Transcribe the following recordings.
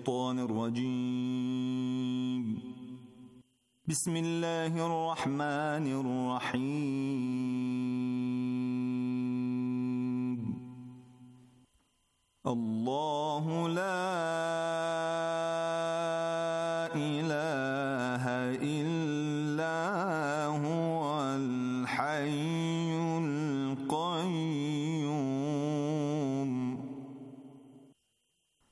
الشيطان الرجيم بسم الله الرحمن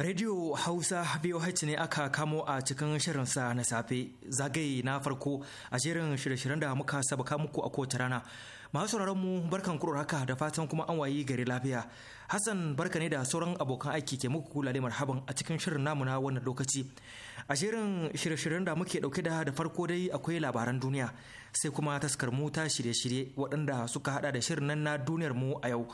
Radio Hausa VOH ne aka kamo a cikin shirinsa na safe zagaye na farko a shirin shirye-shiryen da muka sabaka muku a kowace rana. Masu mu barkan kuro haka da fatan kuma an wayi gari lafiya. Hassan barka ne da sauran abokan aiki ke muku da marhaban a cikin shirin namu na wannan lokaci. A shirin shirye-shiryen da muke dauke da da farko dai akwai labaran duniya sai kuma taskar mu ta shirye-shirye waɗanda suka hada da shirin nan na duniyar mu a yau.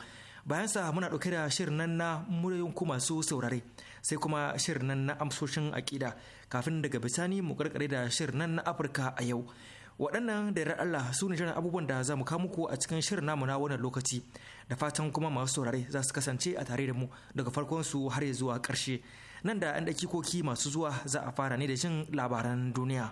bayan sa muna ɗauke da shirin nan na muryoyin ku masu saurare sai kuma shirin nan na amsoshin aƙida kafin daga bisani mu karkare da shirin nan na afirka a yau waɗannan da yarar Allah su ne jiran abubuwan da za mu kawo muku a cikin shirin namu na wannan lokaci da fatan kuma masu saurare za su kasance a tare da mu daga farkon su har zuwa ƙarshe nan da an ɗaki koki masu zuwa za a fara ne da jin labaran duniya.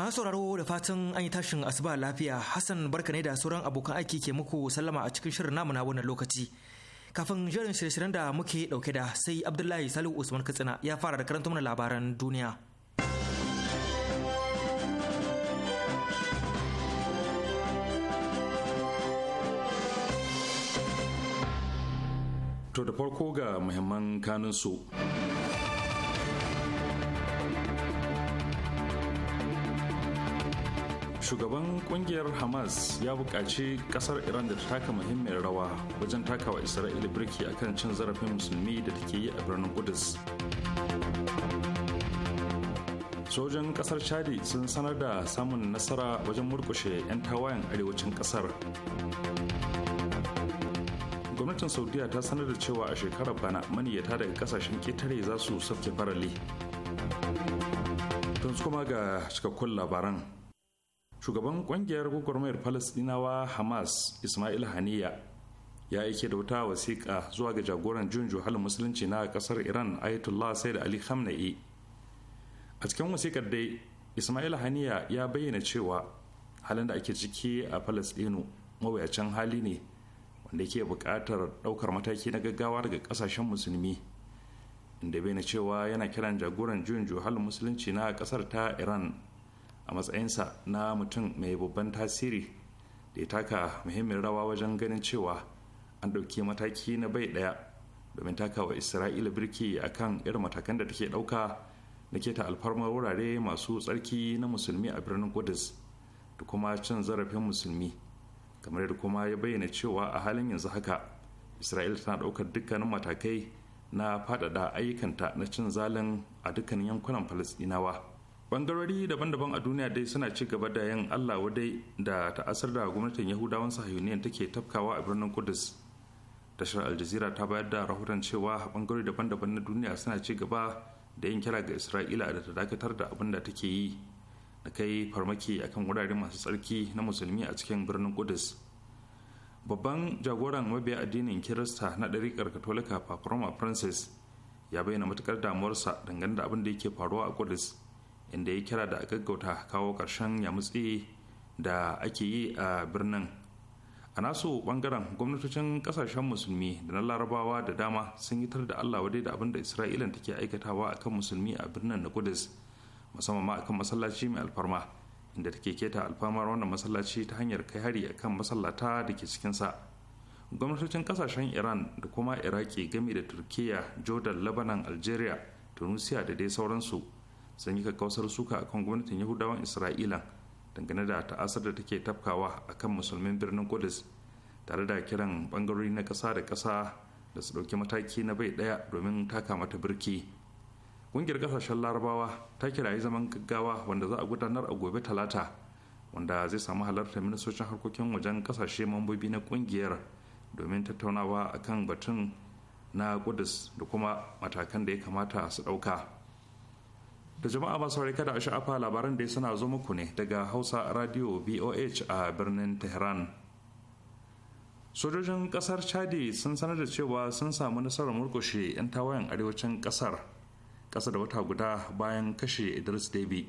masu sauraro da fatan an yi tashin asuba lafiya hassan barka ne da sauran abokan aiki ke muku sallama a cikin shirin namu na wannan lokaci kafin shirin shirye-shiryen da muke dauke da sai abdullahi salihu usman katsina ya fara da karanta mana labaran duniya to da farko ga muhimman kanunsu su shugaban kungiyar hamas ya buƙaci ƙasar iran da ta taka muhimmiyar rawa wajen takawa isra'ila birki akan cin zarafin musulmi da take yi a birnin kudus sojan ƙasar chadi sun sanar da samun nasara wajen murkushe 'yan tawayen arewacin ƙasar. gwamnatin saudiya ta sanar da cewa a shekarar bana maniyata daga ƙasashen ketare za su sauke farali Tun kuma ga cikakkun labaran shugaban kungiyar gwagwarmayar falasdinawa hamas ismail haniya ya aike da wata wasiƙa zuwa ga jagoran jin juhalin musulunci na ƙasar iran ayatollah da ali khamenei a cikin wasiƙar dai ismail haniya ya bayyana cewa halin da ake ciki a falasdino mawuyacin hali ne wanda ke buƙatar ɗaukar mataki na gaggawa daga ƙasashen musulmi inda bayyana cewa yana kiran jagoran jin juhalin musulunci na ƙasar ta iran a matsayinsa na mutum mai babban tasiri da ya taka muhimmin rawa wajen ganin cewa an ɗauki mataki na bai ɗaya domin taka wa isra'ila birki a kan irin matakan da take ɗauka na keta alfarmar wurare masu tsarki na musulmi a birnin kudus da kuma cin zarafin musulmi kamar da kuma ya bayyana cewa a halin yanzu haka isra'ila tana ɗaukar dukkanin matakai na faɗaɗa ayyukanta na cin zalin a dukkanin yankunan falasɗinawa bangarori daban-daban a duniya dai suna ci gaba da yin allah wadai da ta'asar da gwamnatin yahudawan ta take tafkawa a birnin kudus tashar aljazira ta bayar da rahoton cewa bangarori daban-daban na duniya suna ci gaba da yin kira ga isra'ila da ta dakatar da abin da take yi da kai farmaki akan wurare masu tsarki na musulmi a cikin birnin kudus babban jagoran mabiya addinin kirista na ɗariƙar katolika papa francis ya bayyana matuƙar damuwarsa dangane da abin da yake faruwa a kudus inda ya kira da a gaggauta kawo ƙarshen yamutse da ake yi a birnin a nasu bangaren gwamnatocin kasashen musulmi da na larabawa da dama sun yi tar da allah wadai da abinda isra'ila take aikatawa akan musulmi a birnin na kudus musamman ma akan masallaci mai alfarma inda take keta alfamar wannan masallaci ta hanyar kai hari akan masallata da ke cikinsa gwamnatocin kasashen iran da kuma iraki game da turkiya jordan lebanon algeria tunisia da dai sauransu sun yi kakkausar suka kan gwamnatin yahudawan isra'ila dangane da ta'asar da take tafkawa a kan musulmin birnin kudus tare da kiran bangarori na ƙasa da ƙasa da su ɗauki mataki na bai ɗaya domin taka mata birki ƙungiyar ƙasashen larabawa ta kirayi zaman gaggawa wanda za a gudanar a gobe talata wanda zai samu halartar ministocin harkokin wajen ƙasashe mambobi na ƙungiyar domin tattaunawa akan batun na kudus da kuma matakan da ya kamata su ɗauka da jama'a masu saurari kada a sha'afa labaran da ya sana zo muku ne daga hausa radio voh a birnin tehran sojojin kasar chadi sun sanar da cewa sun samu nasarar murkushe 'yan tawayen arewacin kasar kasa da wata guda bayan kashe idris debi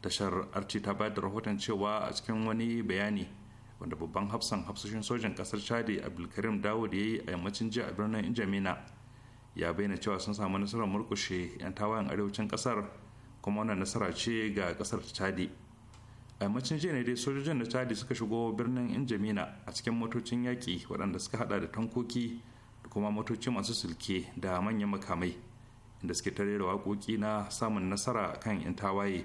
tashar arci ta bayar da rahoton cewa a cikin wani bayani wanda babban hafsan hafsoshin sojan kasar chadi abdulkarim dawud ya yi a yammacin jiya a birnin injamina ya bayyana cewa sun samu nasarar murkushe 'yan tawayen arewacin kasar kuma wannan nasara ce ga kasar chadi a yammacin jiya ne dai sojojin na chadi suka shigo birnin injamina a cikin motocin yaƙi waɗanda suka hada da tankoki da kuma motoci masu sulke da manyan makamai inda suke tare da waƙoƙi na samun nasara kan 'yan tawaye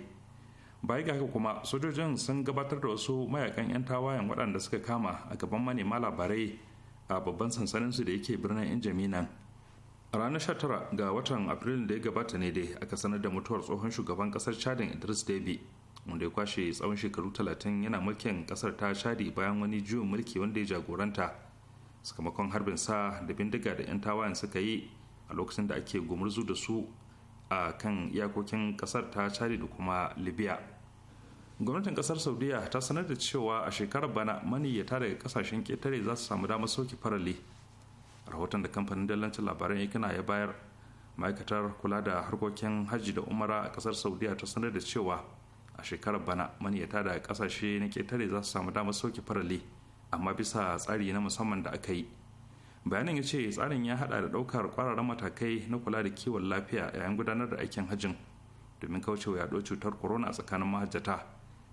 baya ga haka kuma sojojin sun gabatar da wasu mayakan 'yan tawayen waɗanda suka kama a gaban manema labarai a babban sansaninsu da yake birnin Injamina. a ranar 19 ga watan afrilun da ya gabata ne dai aka sanar da mutuwar tsohon shugaban kasar chadin idris deby wanda ya kwashe tsawon shekaru talatin yana mulkin kasar ta chadi bayan wani juyin mulki wanda ya jagoranta sakamakon harbin sa da bindiga da 'yan tawayen suka yi a lokacin da ake gumurzu da su a kan iyakokin kasar ta chadi da kuma libya gwamnatin kasar saudiya ta sanar da cewa a shekarar bana maniyyata daga kasashen ketare za su samu damar soke farale rahoton da kamfanin dallancin labaran ikina ya bayar ma'aikatar kula da harkokin hajji da umara a kasar saudiya ta sanar da cewa a shekarar bana maniyata da kasashe na ketare za su samu damar sauke farali amma bisa tsari na musamman da aka yi bayanin ya ce tsarin ya hada da daukar kwararren matakai na kula da kiwon lafiya yayin gudanar da aikin hajjin domin kaucewa yaɗo cutar korona a tsakanin mahajjata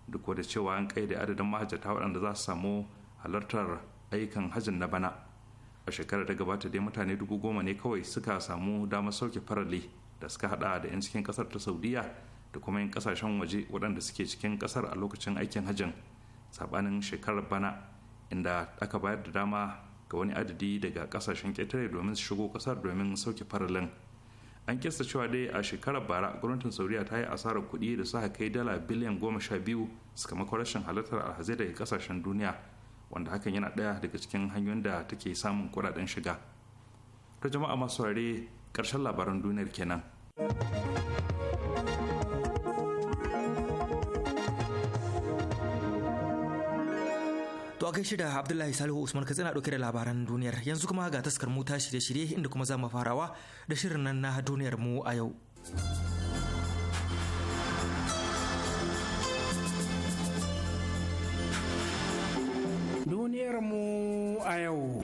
duk da cewa an kai da adadin mahajjata waɗanda za su samu halartar ayyukan hajjin na bana a shekarar ta gabata dai mutane dubu goma ne kawai suka samu damar sauke farali da suka hada da 'yan cikin kasar ta saudiya da kuma 'yan kasashen waje waɗanda suke cikin kasar a lokacin aikin hajjin sabanin shekarar bana inda aka bayar da dama ga wani adadi daga kasashen ƙetare domin su shigo kasar domin sauke faralin an kista cewa dai a shekarar bara gwamnatin saudiya ta yi asarar kuɗi da suka kai dala biliyan goma sha biyu sakamakon rashin halartar alhazai daga kasashen duniya wanda hakan yana ɗaya daga cikin hanyoyin da take samun kuɗaɗen shiga ta jama'a masu saurare ƙarshen labaran duniyar kenan To a shi da Abdullahi Salihu Usman Katsina ɗauke da labaran duniyar yanzu kuma ga taskar mu ta shirye-shirye inda kuma za mu farawa da shirin nan na duniyar mu a yau. mu a yau.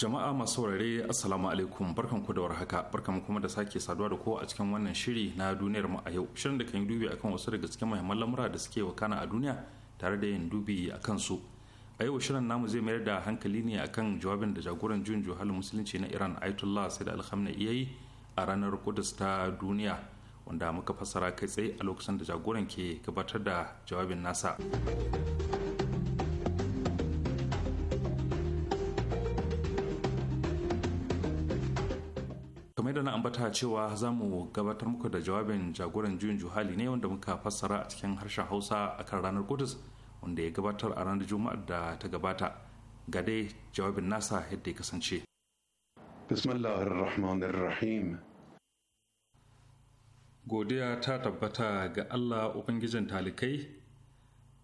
Jama'a masu saurare Assalamu alaikum barkanku da warhaka barkan kuma da sake saduwa da kowa a cikin wannan shiri na duniyar mu a yau shirin da kan yi dubi akan wasu daga cikin muhimman lamura da suke wakana a duniya tare da yin dubi akan su a yau shirin namu zai mayar da hankali ne akan jawabin da jagoran juyin juhalin musulunci na Iran Ayatollah Said Al-Khamenei yayi a ranar Qudus ta duniya wanda muka fassara kai tsaye a lokacin da jagoran ke gabatar da jawabin nasa kamar yadda na ambata cewa za mu gabatar muku da jawabin jagoran juyin juhali ne wanda muka fassara a cikin harshen hausa a kan ranar kudus wanda ya gabatar a ranar juma'ar da ta gabata ga dai jawabin nasa yadda ya kasance bismillahirrahmanirrahim godiya ta tabbata ga allah ubangijin talikai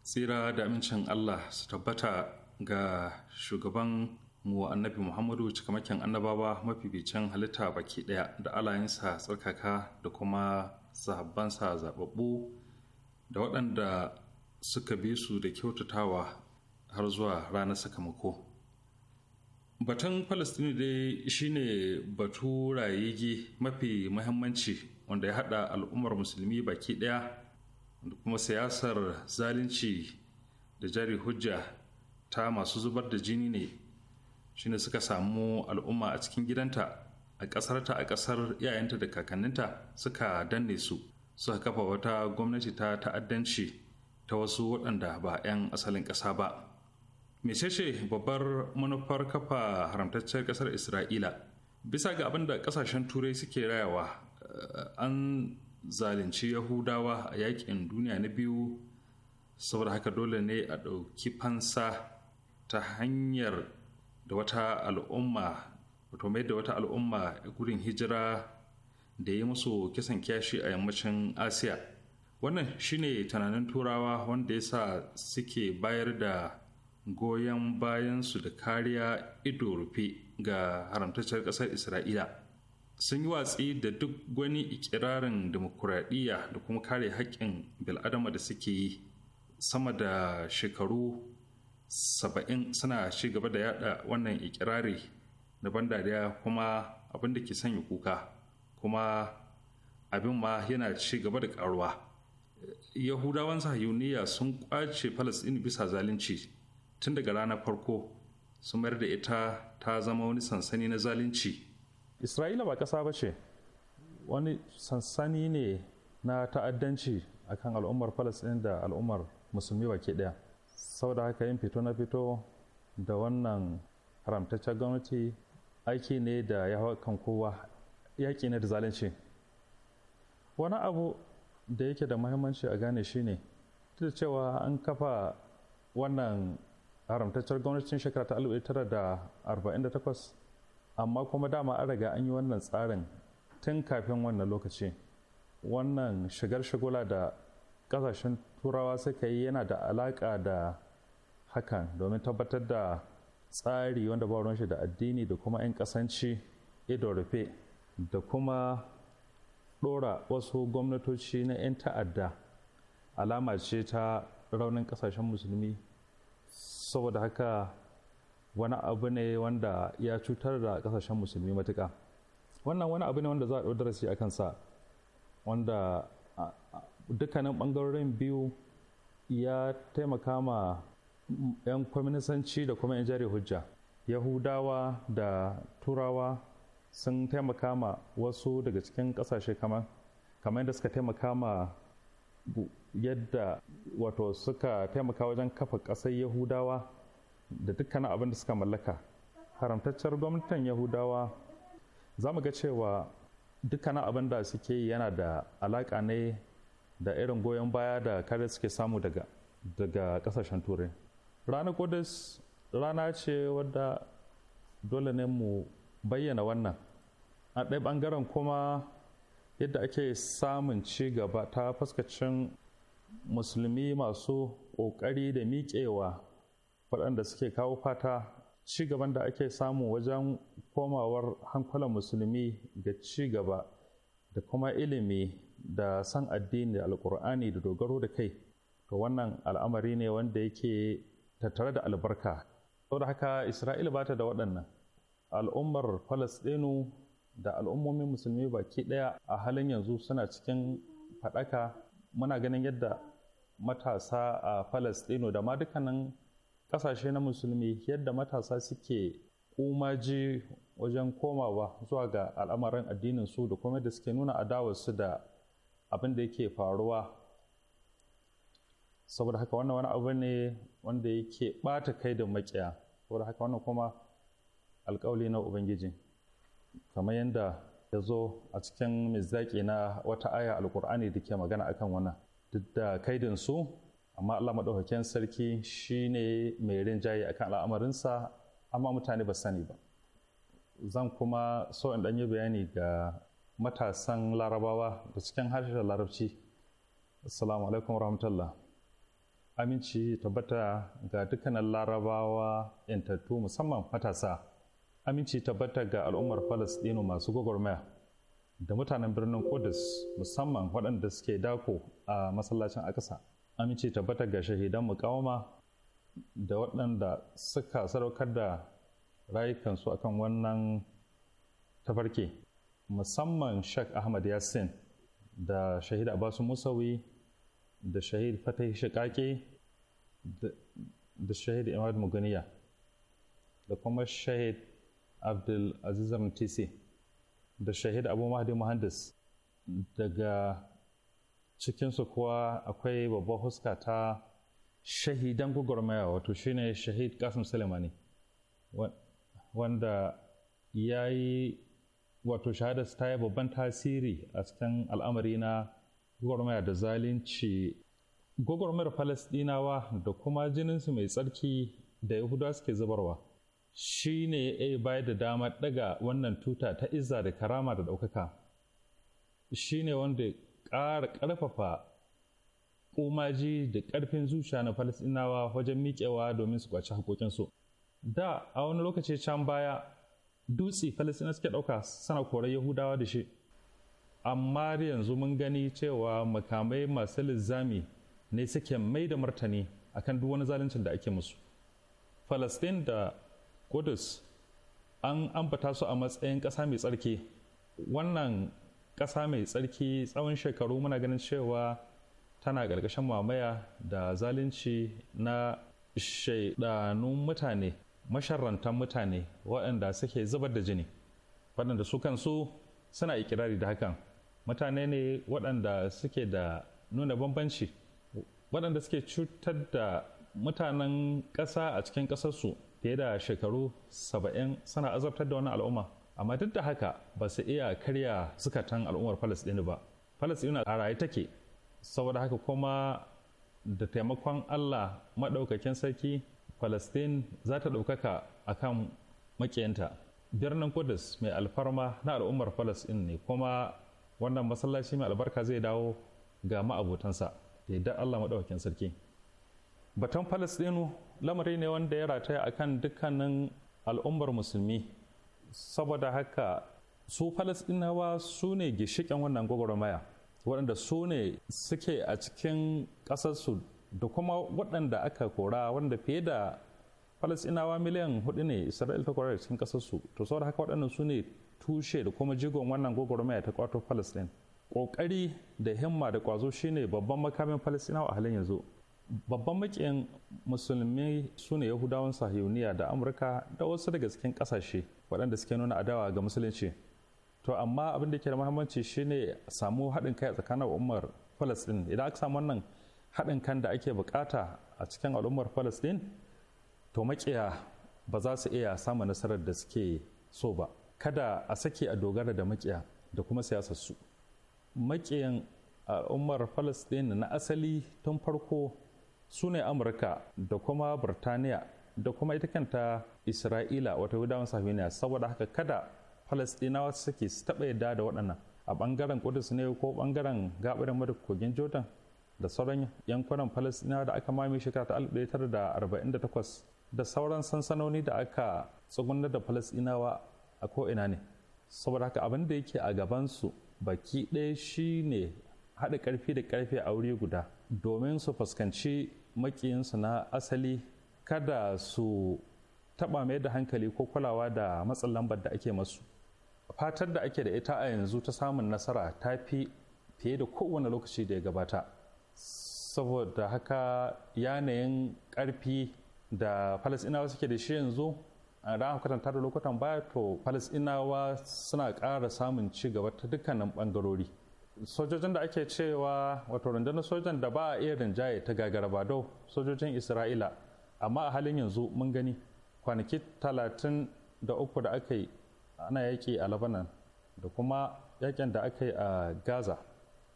tsira da amincin allah su tabbata ga shugaban mu annabi muhammadu cikamakin annabawa mafificin halitta baki daya da alayensa tsarkaka da kuma sahabbansa zababbu da waɗanda suka bi su da kyautatawa har zuwa ranar sakamako batun palestini dai shine batu rayige mafi muhimmanci wanda ya hada al'ummar musulmi baki daya da kuma siyasar zalunci da jari hujja ta masu zubar da jini ne shine suka samu al'umma a cikin gidanta a ƙasarta a ƙasar 'ya'yanta da kakanninta suka danne su suka kafa wata gwamnati ta ta'addanci ta wasu waɗanda ba 'yan asalin ƙasa ba mecece babbar manufar kafa haramtacciyar ƙasar isra'ila bisa ga abin da ƙasashen turai suke rayawa eh, an zalunci yahudawa a yaƙin duniya na biyu saboda haka dole ne a ɗauki fansa ta hanyar da wata al'umma wato mai da wata al'umma gudun hijira da yi musu kisan kyashi a yammacin asiya wannan shine tunanin turawa wanda ya sa suke bayar da goyon bayansu da kariya ido rufe ga haramtacciyar ƙasar isra'ila sun yi watsi da duk wani ikirarin demokuraɗiyya da kuma kare haƙƙin bil'adama da suke yi sama da shekaru saba'in suna ci gaba da yada wannan ikirari na ban dariya kuma abin da ke sanya kuka kuma abin ma yana ci gaba da karuwa yahudawan sahiyuniya sun kwace falasɗin bisa zalunci tun daga ranar farko sun mayar da ita ta zama wani sansani na zalunci isra'ila ba ƙasa ba ce wani sansani ne na ta'addanci akan al'ummar falasɗin da al'ummar musulmi ba ke ɗaya sau da haka yin fito na fito da wannan haramtaccen gwamnati aiki ne da ya kan kowa yaƙi ne da zalunci wani abu da yake da mahimmanci a gane shine ne da cewa an kafa wannan haramtaccen gwamnatin shekara ta 1948 amma kuma dama an riga an yi wannan tsarin tun kafin wannan lokaci wannan shigar shigula da kasashen turawa suka yi yana da alaƙa da hakan domin tabbatar da tsari wanda ba shi da addini da kuma 'yan ƙasanci ido rufe da kuma ɗora wasu gwamnatoci na 'yan ta'adda alama ce ta raunin ƙasashen musulmi saboda haka wani abu ne wanda ya cutar da ƙasashen musulmi matuka wannan wani abu ne wanda za a ɗau darasi a kansa wanda dukkanin bangarorin biyu ya taimaka ma 'yan kwaminisanci da kuma 'yan jari hujja yahudawa da turawa sun taimaka ma wasu daga cikin ƙasashe kamar kamar yadda suka taimaka ma yadda wato suka taimaka wajen kafa ƙasar yahudawa da dukkanin abin da suka mallaka haramtaccen gwamnatin yahudawa za mu ga cewa dukkanin abin da suke yana da alaƙa ne da irin goyon baya da kare suke samu daga daga kasashen turai ranar kudus rana ce wadda dole ne mu bayyana wannan a ɗaya ɓangaren kuma yadda ake samun ci gaba ta fuskacin musulmi masu ƙoƙari da miƙewa waɗanda suke kawo fata ci gaban da ake samu wajen komawar hankulan musulmi ga ci gaba da kuma ilimi da san addini da alkur'ani da dogaro da kai to wannan al'amari ne wanda yake tattare da albarka saboda haka isra'ila bata da waɗannan al'ummar falastinu da al'ummomin musulmi baki ɗaya a halin yanzu suna cikin faɗaka muna ganin yadda matasa a falastinu da ma dukkanin ƙasashe na musulmi yadda matasa suke umaji wajen komawa zuwa ga al'amarin addinin su da kuma da suke nuna adawarsu da abin da yake faruwa saboda haka wannan wani abu ne wanda yake ɓata kai da maƙiya saboda haka wannan kuma alkawali na ubangiji kamar yadda ya zo a cikin mizaki na wata aya alkur'ani da ke magana akan wannan duk da kaidin su amma Allah maɗaukakin sarki shi ne mai rinjaye akan al'amarinsa amma mutane ba sani ba zan kuma so in ɗan yi bayani ga matasan larabawa da cikin harshen larabci assalamu alaikum rahmatullah aminci tabbata ga dukkanin larabawa intattu musamman matasa aminci tabbata ga al'ummar falastinu masu gwagwarmaya da mutanen birnin kudus musamman waɗanda suke dako a masallacin akasa aminci tabbata ga shahidan mukawama da waɗanda suka sadaukar da rayukansu akan wannan tafarki musamman Sheikh Ahmad Yassin da Shahid Abbasu Musawi da Shahid Fatahi Shiƙaƙe da Shahid Imad Muganiya da kuma Shahid Abdul Aziz Amtisi da Shahid Abu Mahdi Muhandis daga cikinsu kuwa akwai babbar huska ta shahidan gwagwarmaya wato shine Shahid Kasim Suleimani wanda ya yi wato shahada ta yi babban tasiri a cikin al'amari na gwagwarmaya da zalunci gwagwarmayar falasdinawa da kuma jininsu mai tsarki da yahudawa suke zubarwa shi ne ya bayar da dama daga wannan tuta ta izza da karama da ɗaukaka shi ne wanda ƙara ƙarfafa ƙumaji da ƙarfin zuciya na falasdinawa wajen miƙewa domin su kwaci haƙoƙinsu da a wani lokaci can baya dutse falasina suke ɗauka sana korar yahudawa da shi amma yanzu mun gani cewa makamai masu lizami ne suke mai da martani akan duk wani zaluncin da ake musu falastin da kudus an ambata su a matsayin ƙasa mai tsarki wannan ƙasa mai tsarki tsawon shekaru muna ganin cewa tana ƙarƙashin mamaya da zalunci na shaidanun mutane masharrantan mutane waɗanda suke zubar da jini waɗanda su kansu suna ikirari da hakan mutane ne waɗanda suke da nuna bambanci waɗanda suke cutar da mutanen ƙasa a cikin ƙasarsu fiye da shekaru saba'in suna azabtar da wani al'umma amma duk da haka ba su iya karya zukatan al'ummar palestine ba palestine a raye take saboda haka kuma da taimakon allah maɗaukakin sarki Palestine za ta ɗaukaka a kan makiyanta. Birnin Kudus mai alfarma na al'ummar Palestine ne kuma wannan masallaci mai albarka zai dawo ga ma'abotansa da yadda Allah maɗaukakin sarki. batan palestine lamari ne wanda ya rataya a kan dukkanin al'ummar musulmi saboda haka su Palestinawa su ne gishikin wannan gwagwarmaya waɗanda su ne suke a cikin ƙasarsu da kuma waɗanda aka kora wanda fiye da falasinawa miliyan hudu ne isra'il ta kora cikin kasarsu to saboda haka waɗannan su ne tushe da kuma jigon wannan gwagwarmaya ta kwato falasɗin ƙoƙari da himma da ƙwazo shine babban makamin falasinawa a halin yanzu babban makiyan musulmi su ne yahudawan sahiyuniya da amurka da wasu daga cikin ƙasashe waɗanda suke nuna adawa ga musulunci to amma abin da ke da muhimmanci shine samu haɗin kai a tsakanin umar falasɗin idan aka samu wannan haɗin kan da ake bukata a cikin al'ummar palestine to makiya ba za su iya samun nasarar da suke so ba kada a sake a dogara da makiya da kuma siyasarsu makiyan al'ummar palestine na asali tun farko su ne amurka da kuma birtaniya da kuma ita kanta isra'ila wata gudawar safiniya saboda haka kada palestinawa suke su taɓa yadda da waɗannan a ɓangaren ƙudus ne ko ɓangaren gaɓarin kogin jordan da sauran yankunan falasina da aka mame shekara ta 1948 da sauran sansanoni da aka tsugunar da falasinawa a ko'ina ne saboda haka abin da yake a gabansu baki ɗaya shi ne haɗa ƙarfi da ƙarfe a wuri guda domin su fuskanci makiyinsu na asali kada su taɓa mai da hankali ko kulawa da matsin lambar da ake masu fatar da ake da ita a yanzu ta samun nasara ta fi fiye da kowane lokaci da ya gabata saboda haka yanayin karfi da falasinawa suke da shi yanzu a ran kwatanta da lokutan baya to falasinawa suna ƙara samun ci gaba ta dukkanin bangarori sojojin da ake cewa wato rundunar sojan da ba a iya rinjaye ta dau sojojin isra'ila amma a halin yanzu mun gani kwanaki talatin da uku da aka yi ana yaƙi a labanan da kuma yaƙin da aka yi a gaza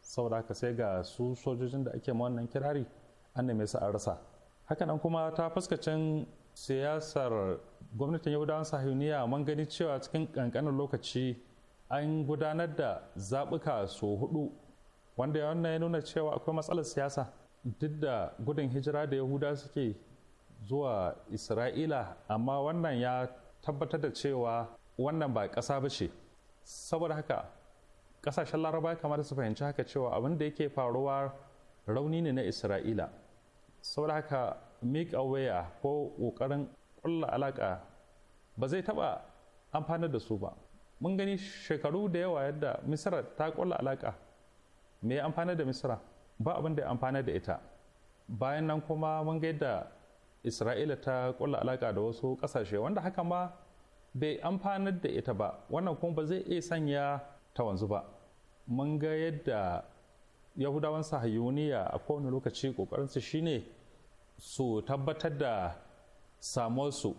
saboda haka sai ga su sojojin da ake ma wannan kirari an neme su a rasa hakanan kuma ta fuskacin siyasar gwamnatin yahudawan sahiyuniya man gani cewa cikin kankanin lokaci an gudanar da zaɓuka so hudu wanda wannan ya nuna cewa akwai matsalar siyasa duk da gudun hijira da yahuda suke zuwa isra'ila amma wannan ya tabbatar da cewa wannan ba ƙasa ba ce saboda haka kasashen laraba kamar su fahimci haka cewa abin da yake faruwa rauni ne na isra'ila saboda haka make ko ƙoƙarin ƙulla alaƙa ba zai taɓa amfanar da su ba mun gani shekaru da yawa yadda misira ta ƙulla alaka me amfanar da misira ba abin da ya amfanar da ita bayan nan kuma mun ga yadda isra'ila ta ƙulla alaka da wasu ƙasashe wanda haka ma bai amfanar da ita ba wannan kuma ba zai iya sanya ta wanzu ba mun ga yadda yahudawan sahayuniya a kowane lokaci su shine su tabbatar da samuwarsu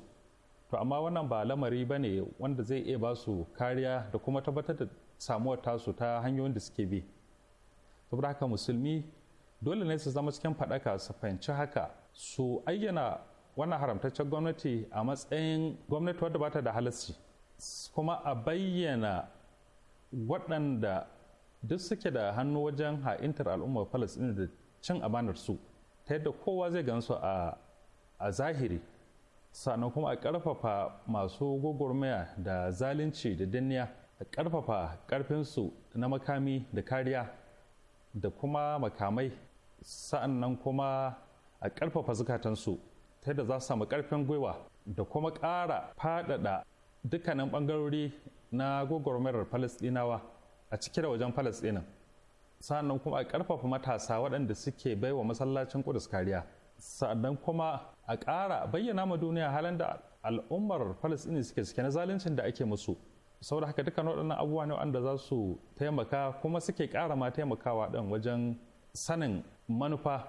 to amma wannan ba lamari ba ne wanda zai iya ba su kariya da kuma tabbatar da samuwar tasu ta hanyoyin da suke bi saboda haka musulmi dole ne su zama cikin faɗaka su fahimci haka su ayyana wannan haramtaccen gwamnati a matsayin gwamnati wadda ba ta da halarci kuma a bayyana waɗanda duk suke da hannu wajen ha'intar al'ummar palestine da cin amanar su ta yadda kowa zai gansu a zahiri sannan kuma a ƙarfafa masu gwagwarmaya da zalunci da danniya a ƙarfafa ƙarfinsu na makami da kariya da kuma makamai sa'annan kuma a ƙarfafa zukatansu ta yadda za su samu ƙarfin gwiwa da kuma ƙara faɗaɗa dukkanin ɓangarori na gwagwarmayar falasɗinawa a cike da wajen falasɗinan sannan kuma a ƙarfafa matasa waɗanda suke baiwa masallacin kudus kariya sannan kuma a ƙara bayyana ma duniya halin da al'ummar falasɗini suke cike na zaluncin da ake musu saboda haka dukkan waɗannan abubuwa ne waɗanda za su taimaka kuma suke ƙara ma taimakawa ɗin wajen sanin manufa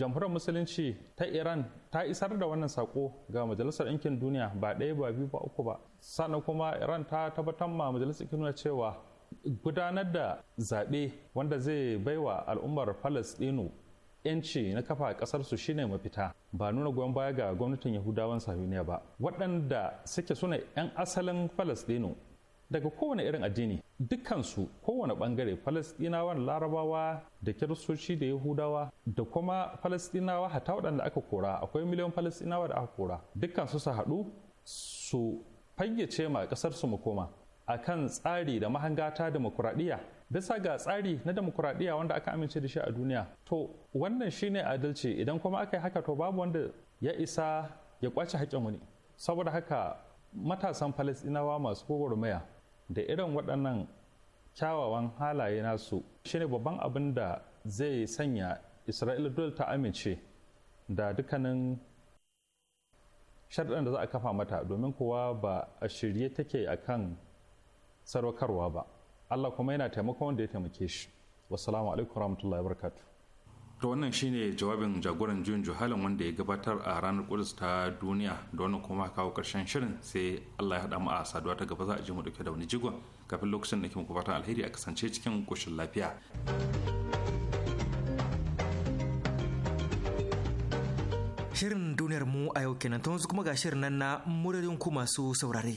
jamhuriyar musulunci ta iran ta isar da wannan sako ga majalisar ɗinkin duniya ba ɗaya ba biyu ba uku ba sannan kuma iran ta tabbatar ma majalisar ɗinkin duniya cewa gudanar da zaɓe wanda zai baiwa al'ummar falastinu yanci na kafa kasar shine mafita ba nuna goyon baya ga gwamnatin yahudawan sahuniya ba waɗanda suke suna 'yan asalin falastinu daga kowane irin addini dukansu kowane bangare da larabawa da kiristoci da yahudawa da kuma falastinawa hata waɗanda aka kora akwai miliyan falastinawa da aka kora dukansu su haɗu su fayyace ma ƙasar su makoma a kan tsari da mahangata demokuraɗiyya bisa ga tsari na demokuraɗiyya wanda aka amince da shi a duniya to wannan shine adalci idan kuma aka yi haka to babu wanda ya isa ya kwace haƙƙin wani saboda haka matasan falastinawa masu gwagwarmaya da irin waɗannan kyawawan halaye nasu shine babban abin da zai sanya isra'ila dole ta amince da dukkanin sharɗin da za a kafa mata domin kuwa ba a shirye take a kan sarwakarwa ba allah kuma yana taimakon wanda ya taimake shi wasu alaikum wa wabarakatuh to wannan shine jawabin jagoran juyin juhalin wanda ya gabatar a ranar kudus ta duniya da wannan kuma kawo karshen shirin sai allah ya haɗa mu a saduwa ta gaba za a ji mu dauke da wani jigon kafin lokacin da ke muku fatan alheri a kasance cikin ƙoshin lafiya shirin duniyar mu a yau kenan ta kuma ga shirin nan na muririn ku masu saurare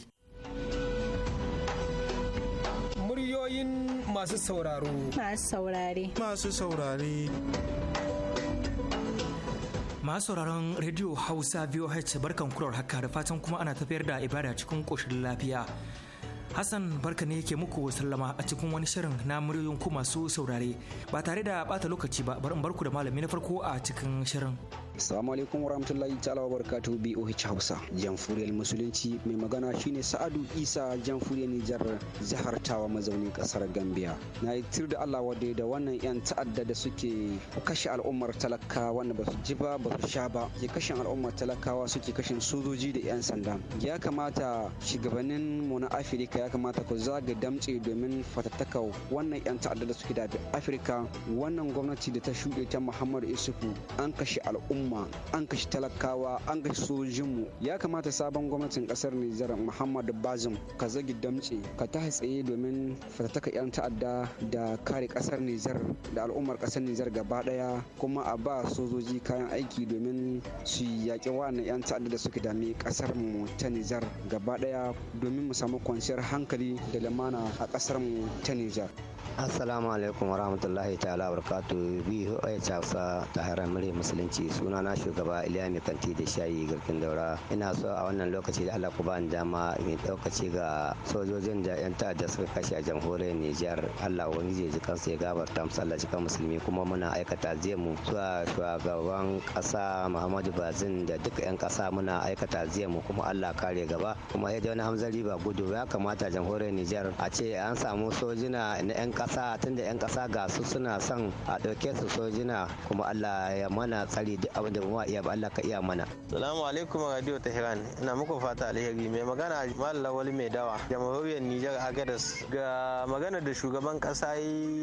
masu sauraro. Masu saurare. Masu saurare. masu sauraron rediyo hausa VOH barkan kurar haka da fatan kuma ana tafiyar da ibada cikin ƙoshin lafiya. Hassan barka ne yake muku sallama a cikin wani shirin na muryoyin ku masu saurare ba tare da bata lokaci ba bari in barku da malami na farko a cikin shirin. Assalamu alaikum warahmatullahi ta'ala wa barakatuh BOH Hausa. Jamfuriyar Musulunci mai magana shine Sa'adu Isa Jamfuriyar Nijar jihar Tawa mazaunin kasar Gambia. Na yi tir da Allah wadai da wannan yan ta'adda da suke kashe al'ummar talaka wanda ba su ji ba ba su sha ba. Ke kashe al'ummar talakawa suke kashe sojoji da yan sanda. Ya kamata shugabannin mu na Afirka ya kamata ku zaga damtse domin fatattaka wannan yan ta'adda da suke da Afirka. Wannan gwamnati da ta shuɗe ta Muhammadu Isufu an kashe al'umma al'umma an kashi talakawa an kashi sojinmu ya kamata sabon gwamnatin kasar nijar muhammadu bazum ka zagi damtse ka ta tsaye domin fatattaka 'yan ta'adda da kare kasar nijar da al'ummar kasar nijar gaba daya kuma a ba sojoji kayan aiki domin su yaƙi wa'annan 'yan ta'adda da suke dami kasar mu ta nijar gaba daya domin mu samu kwanciyar hankali da lamana a kasar mu ta nijar assalamu alaikum warahmatullahi ta'ala barkatu biyu a ta hausa musulunci suna sunana shugaba iliya mai kanti da shayi garkin daura ina so a wannan lokaci da allah ku ba ni dama mai lokaci ga sojojin da yan ta'adda suka kashe a jamhuriyar nijar allah wani zai ji kansa ya gabata musu allah cikin musulmi kuma muna aikata zai mu zuwa shugaban ƙasa muhammadu bazin da duka yan kasa muna aikata zai mu kuma allah kare gaba kuma da wani hamzari ba gudu ya kamata jamhuriyar nijar a ce an samu sojina na yan kasa tunda yan kasa ga su suna son a ɗauke su sojina kuma allah ya mana tsari duk abin da ba ma iya ba Allah ka iya mana salamu alaikum radio Hiran ina muku fata alheri mai magana malam wali mai dawa jamhuriyar Nijar Agadas ga magana da shugaban kasa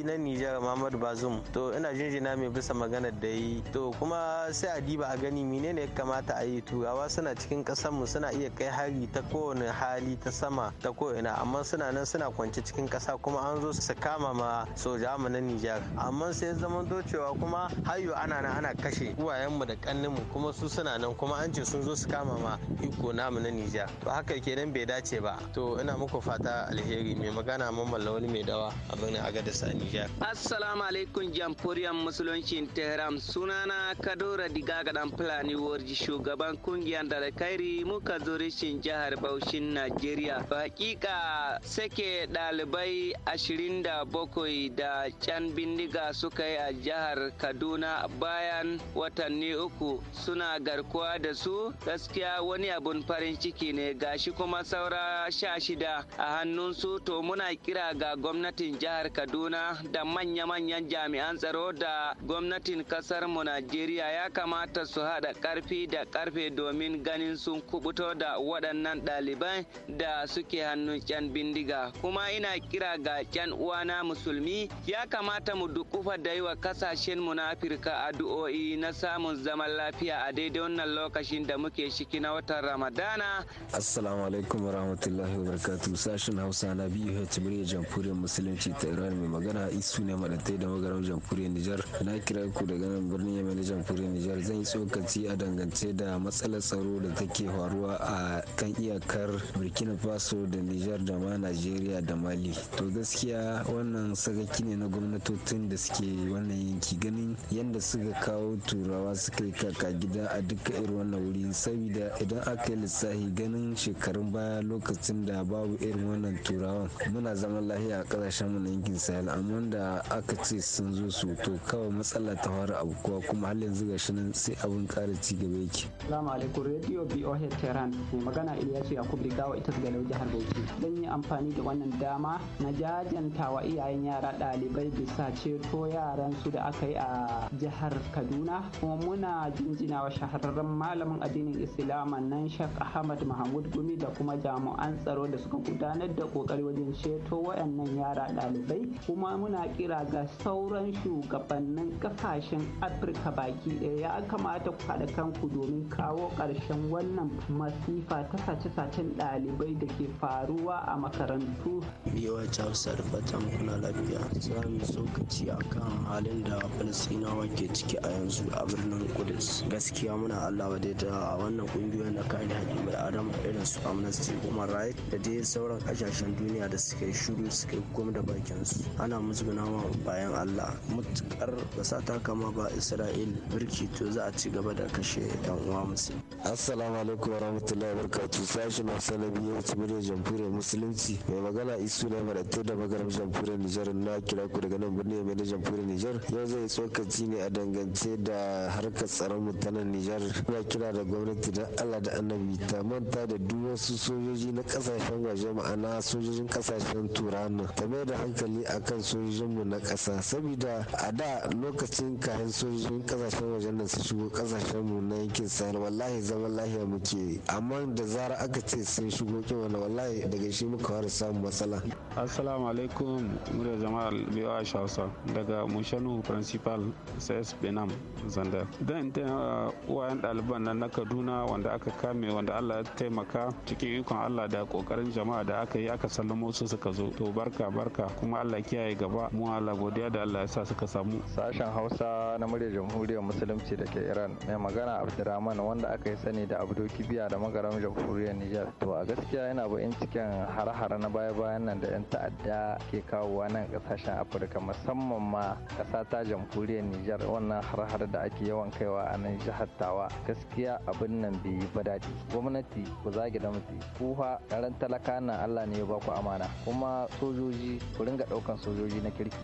na Nijar Muhammadu Bazum to ina jinjina mai bisa magana da yi to kuma sai a diba a gani menene ya kamata a yi turawa suna cikin kasar mu suna iya kai hari ta kowane hali ta sama ta ko ina amma suna nan suna kwance cikin kasa kuma an zo su kama ma soja mu na Nijar amma sai zaman cewa kuma hayo ana nan ana kashe uwayen mu da mu kuma su suna nan kuma an ce sun zo su kama ma iko namu na Nijar ba haka nan bai dace ba to ina muku fata alheri mai magana mamman wani mai dawa a birnin Agadez a Nijar Assalamu alaikum jamhuriyar musuluncin Tehran sunana Kadora Diga gadan Fulani Warji shugaban kungiyar kairi muka zo rishin jihar bauchi Najeriya hakika sake dalibai ashirin da bakwai da can bindiga suka yi a jihar Kaduna bayan watanni uku suna garkuwa da su gaskiya wani abun farin ciki ne gashi kuma saura sha shida a hannunsu to muna kira ga gwamnatin jihar kaduna da manya-manyan jami'an tsaro da gwamnatin kasar mu najeriya ya kamata su haɗa ƙarfi da ƙarfe domin ganin sun kubuto da waɗannan ɗaliban da suke hannun can bindiga kuma ina kira ga ƙyan uwana musulmi ya kamata mu dukufa da yi wa ƙasashen mu na afirka addu'o'i na samun zaman lafiya a daidai wannan lokacin da muke ciki na watan Ramadana. Assalamu alaikum wa rahmatullahi wa sashen Hausa na biyu Hajjimuriyar Jamhuriyar Musulunci ta Iran mai magana isu ne maɗatai da magaran Jamhuriyar Nijar. Na kira ku daga nan birnin na Jamhuriyar Nijar zan yi tsokaci a dangance da matsalar tsaro da take faruwa a kan iyakar Burkina Faso da Nijar da ma Najeriya da Mali. To gaskiya wannan sakaki ne na gwamnatocin da suke wannan yanki ganin yadda suka kawo turawa su suka yi kaka gida a duka irin wannan wuri saboda idan aka yi lissafi ganin shekarun baya lokacin da babu irin wannan turawan muna zaman lahiya a kasashen mu na yankin sahel amma da aka ce sun zo su to kawai matsala ta fara abubuwa kuma har yanzu gashi nan sai abin ƙara ci gaba yake. Salamu alaikum radio BOH Tehran mai magana Ilyasu Yakubu Rigawa ita daga jihar Bauchi. Zan yi amfani da wannan dama na jajanta wa iyayen yara ɗalibai bisa ceto yaran su da aka yi a jihar Kaduna kuma muna Ana jinjina wa shahararren malamin addinin islama nan shak ahmad mahmud gumi da kuma jami'an tsaro da suka gudanar da kokari wajen ceto waɗannan yara ɗalibai kuma muna kira ga sauran shugabannin kasashen afirka baki ɗaya ya kamata ku haɗa kanku domin kawo ƙarshen wannan masifa ta sace-sacen ɗalibai da ke faruwa a makarantu. Biyawa Hausa da fatan kuna lafiya za mu a akan halin da Falasinawa ke ciki a yanzu a birnin Kudus gaskiya muna Allah wa da wannan kungiyoyin na kare haƙƙin mai adam irin su Amnesty Human Rights da dai sauran kasashen duniya da suka yi shiru suka gom da bakin su ana musgunawa bayan Allah mutukar ba sa ta kama ba Isra'il birki to za a ci gaba da kashe yan uwa musulmi Assalamu alaikum wa rahmatullahi wa barakatuh sashi masu na biyu tsibirin jamhuriyar musulunci mai magana isu na madattu da magaram jamhuriyar Nijar na kira ku daga nan birni mai na jamhuriyar Nijar yau zai tsokaci ne a dangance da harkar harkar tsaron mu ta nan Nijar ya kira da gwamnati da Allah da Annabi ta manta da duk wasu sojoji na kasashen waje ma'ana sojojin kasashen Turan ta mai da hankali akan sojojin mu na kasa saboda a da lokacin kayan sojojin kasashen waje nan su shigo kasashen mu na yankin Sahel wallahi zaman lahiya muke amma da zara aka ce sun shigo kin wani wallahi daga shi muka fara samun matsala. Assalamu alaikum murya jama'ar BOH Hausa daga Mushanu Principal CS Benam Zandar. zan taya wayan ɗaliban nan na kaduna wanda aka kame wanda allah ya taimaka cikin ikon allah da ƙoƙarin jama'a da aka yi aka sallamo su suka zo to barka barka kuma allah kiyaye gaba mu allah godiya da allah ya sa suka samu sashen hausa na murya jamhuriyar musulunci da ke iran mai magana abdurrahman wanda aka yi sani da abdo kibiya da magaran jamhuriyar nijar to a gaskiya yana bain cikin hare-hare na baya-bayan nan da 'yan ta'adda ke kawo wa nan kasashen afirka musamman ma ƙasa ta jamhuriyar niger wannan hare-hare da ake yawan kaiwa a nan jihar tawa gaskiya abin nan bai yi daɗi gwamnati ku zagi da mutu fa ran talaka na allah ne ya baku amana kuma sojoji ku ringa ɗaukan sojoji na kirki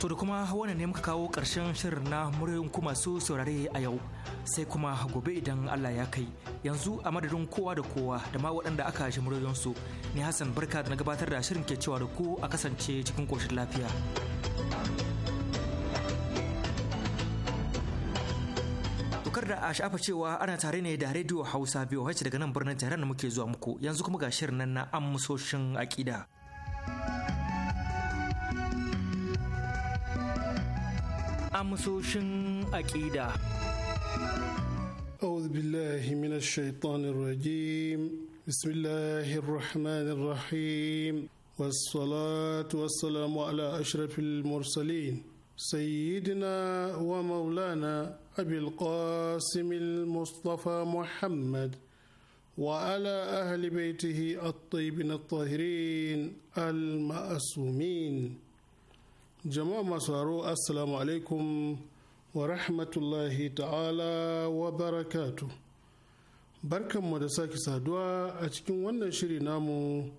To da kuma wannan ne muka kawo ƙarshen shirin na muryoyin ku masu saurare a yau sai kuma gobe idan Allah ya kai yanzu a madadin kowa da kowa da ma waɗanda aka shi su ne Hassan barka da na gabatar da shirin ke cewa da ku a kasance cikin ƙoshin lafiya. kar da a shafa cewa ana tare ne da rediyo hausa biyu wacce daga nan birnin tehran muke zuwa muku yanzu kuma ga shirin nan na amsoshin akida amsoshin akida أعوذ بالله من الشيطان الرجيم بسم الله الرحمن الرحيم والصلاة والسلام على أشرف المرسلين سيدنا ومولانا أبي القاسم المصطفى محمد وعلى أهل بيته الطيبين الطاهرين المأسومين جماعة مسارو السلام عليكم ورحمة الله تعالى وبركاته barkanmu da sake saduwa a cikin wannan shiri namu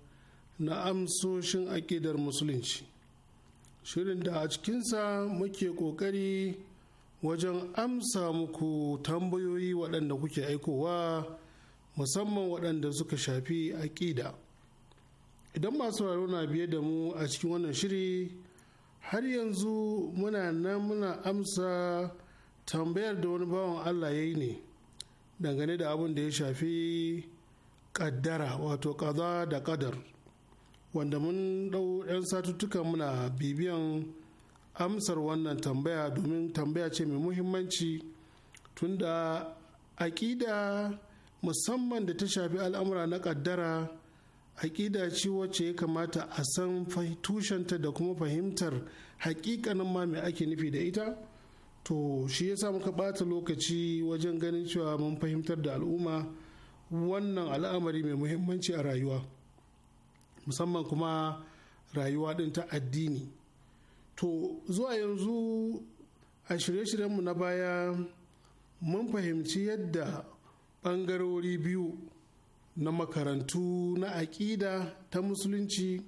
na amsoshin aƙidar musulunci shirin da a cikinsa muke ƙoƙari wajen amsa muku tambayoyi waɗanda kuke aikowa musamman waɗanda suka shafi aƙida idan masu sauraro na biye da mu a cikin wannan shiri har yanzu muna nan muna amsa tambayar da wani bawan allah ya yi ne dangane da abin da ya shafi kaddara wato kaza da kadar wanda mun ɗau 'yan satuttuka muna bibiyan amsar wannan tambaya domin tambaya ce mai muhimmanci tunda aƙida musamman da ta shafi al'amura na ƙaddara aƙida ce wacce ya kamata a san tushenta da kuma fahimtar haƙiƙanin ma mai ake nufi da ita to shi yasa muka ɓata lokaci wajen ganin cewa mun fahimtar da al'umma wannan al'amari mai muhimmanci a rayuwa musamman kuma rayuwa ɗin ta addini to zuwa yanzu a shirye-shiryenmu na baya mun fahimci yadda ɓangarori biyu na makarantu na aƙida ta musulunci